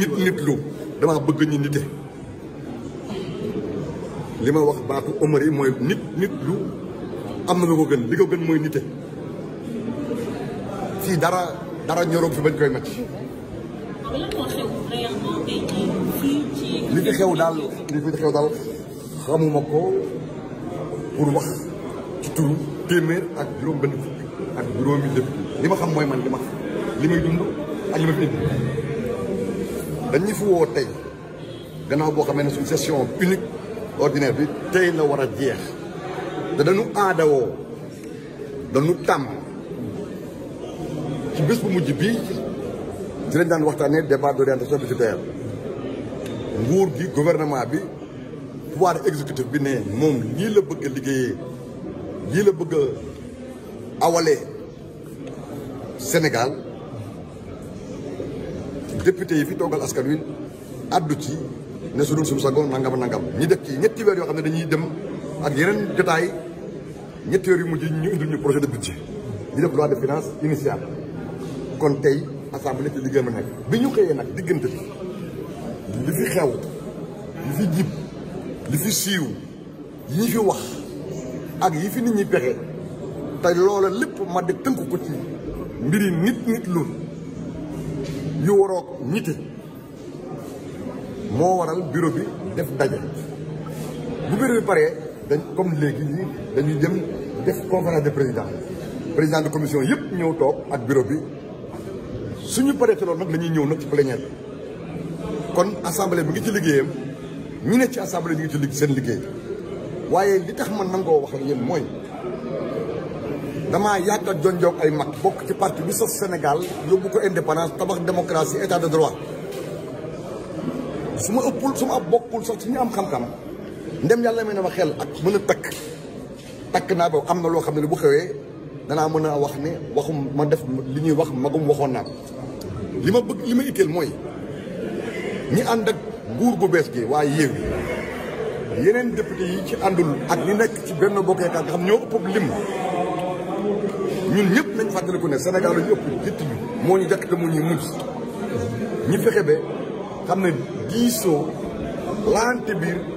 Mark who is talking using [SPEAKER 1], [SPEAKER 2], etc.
[SPEAKER 1] nit nit lu damaa bëgg ñu nite li ma wax baatu Omar yi mooy nit nit lu am na ko gën li ko gën mooy nite fii dara dara ñoroog fi bañ koy màcc li fi xew daal xamuma ko pour wax ci turu téeméer ak juróom benn fukk ak juróomi dëkk li ma xam mooy man li ma li may dund ak li ma fi dañ ñu fi woo tey gannaaw boo xamee ne suñu session unique ordinaire bi tey la war a jeex te dañu aadawoo dañu tàmm ci bés bu mujj bi ci lañ daan waxtaanee débat d'orientation budgétaire nguur gi gouvernement bi pouvoir exécutif bi ne moom lii la bëgg a liggéeyee lii la bëgg a awalee Sénégal député yi fi toogal askan wi addu ci ne su dul suñu sago nangam nangam ñi def ci ñetti weer yoo xam ne dañuy dem ak yeneen jotaay ñetti weer yu mujj ñu indil ñu projet de budget ñu def loi de finance kon tey assemblée ci liggéeyam nekk bi ñu xëyee nag diggante bi li fi fi wax ak yi fi nit ñi pexe te loola lépp ma de tënk ko ci mbiri nit nit lu yu waroog ñiti moo waral bureau bi def daje bu bureau bi dañ comme léegi ñi dañuy jëm def conférence de président président de commission yëpp ñëw toog ak bureau bi suñu paree ci nag la ñuy ñëw nag ci plénière kon assemblée bi ngi ci liggéeyam ñu ne ci assemblée bi ngi ci seen liggéey waaye li tax man nangoo wax ak yéen mooy damaa yàgg a jonjoog ay mag bokk ci parti bi sos Sénégal yóbbu ko indépendance tabax démocratie état de droit su ma ëppul su ma bokkul sax ci ñu am xam-xam ndem yàlla may na ma xel ak mën a takk takk naa ba am na loo xam ne bu xewee danaa mën a wax ne waxum ma def li ñuy wax magum waxoon naa li ma bëgg li ma itteel mooy ñi ànd ak nguur gu bees gi waaye yéew yeneen député yi ci àndul ak ñi nekk ci benn bokkeekaat nga xam ñoo ëpp lim ñun ñëpp nañ fàttaliku ne Sénégal lañu ëpp jëtt bi moo ñu jëkk te moo ñuy mujj ñu fexe ba xam ne diisoo laante biir